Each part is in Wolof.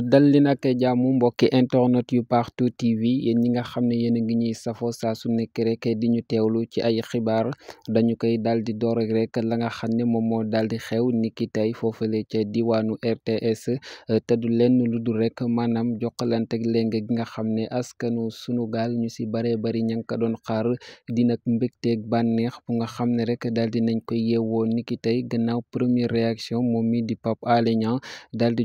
dal li nag jàmm mbokki internet yu partout TV yéen ñi nga xam ne yéen a ngi ñuy safoo saa su nekk rek di ñu teewlu ci ay xibaar dañu koy daal di door rek la nga xam ne moom moo daal di xew niki tey foofale ca diwaanu RTS euh, te du lenn lu dul rek maanaam jokkalante ak leng gi nga xam ne askanu sunu gaal ñu si baree bari ña nga ko doon xaar di nag mbégteeg bànneex bu nga xam ne rek daal di nañ koy yeewoo niki tey gannaaw première réaction moom mi di Pape Alé Niang daal di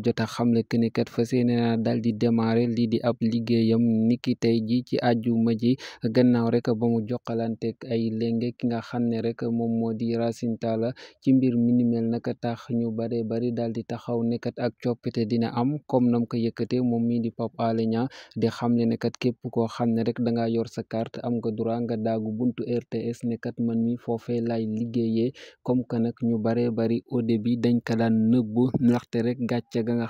ne kat fas yéene naa daal di démarrer lii di ab liggéeyam niki tey ji ci àjjuma ji gannaaw rek ba mu jokkalanteeg ay lenge ki nga xam ne rek moom moo di Racine Talla ci mbir mi ni mel nag tax ñu bare bari daal di taxaw nekkat ak coppite dina am comme nam ko yëkkatee moom mii di Pape Alé Niang di xam ne nekat képp koo xam ne rek da ngaa yor sa carte am nga droit nga daagu buntu RTS nekat man mi foofee lay liggéeyee comme que nag ñu bare bari au début dañ ko daan nëbbu rek nga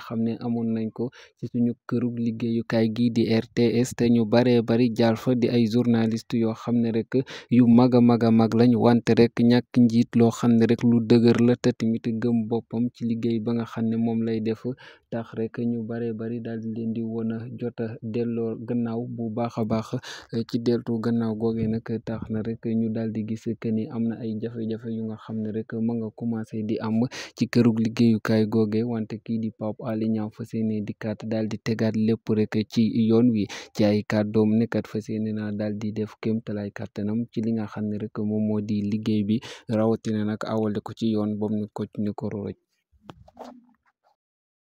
xam ne amoon nañ ko ci suñu kërug liggéeyukaay gii di RTS te ñu baree bari jaar fa di ay journaliste yoo xam ne rek yu mag a mag a mag lañ wante rek ñàkk njiit loo xam ne rek lu dëgër la te tamit gëm boppam ci liggéey ba nga xam ne moom lay def tax rek ñu baree bari daal di leen di won a jot a delloo gannaaw bu baax a baax ci deltu gannaaw googee nag tax na rek ñu daal di gis que ni am na ay jafe yu nga xam ne rek ma di am ci kërug liggéeyukaay googee wante kii di Pape Alé Niang fa seeni yéene dikkaat daal di tegaat lépp rek ci yoon wi ci ay kàddoom ne kat fas yéene naa daal di def kéem talaay kàttanam ci li nga xam ne rek moom moo di liggéey bi rawatina nag awale ko ci yoon boobu ni ko ni ko rooj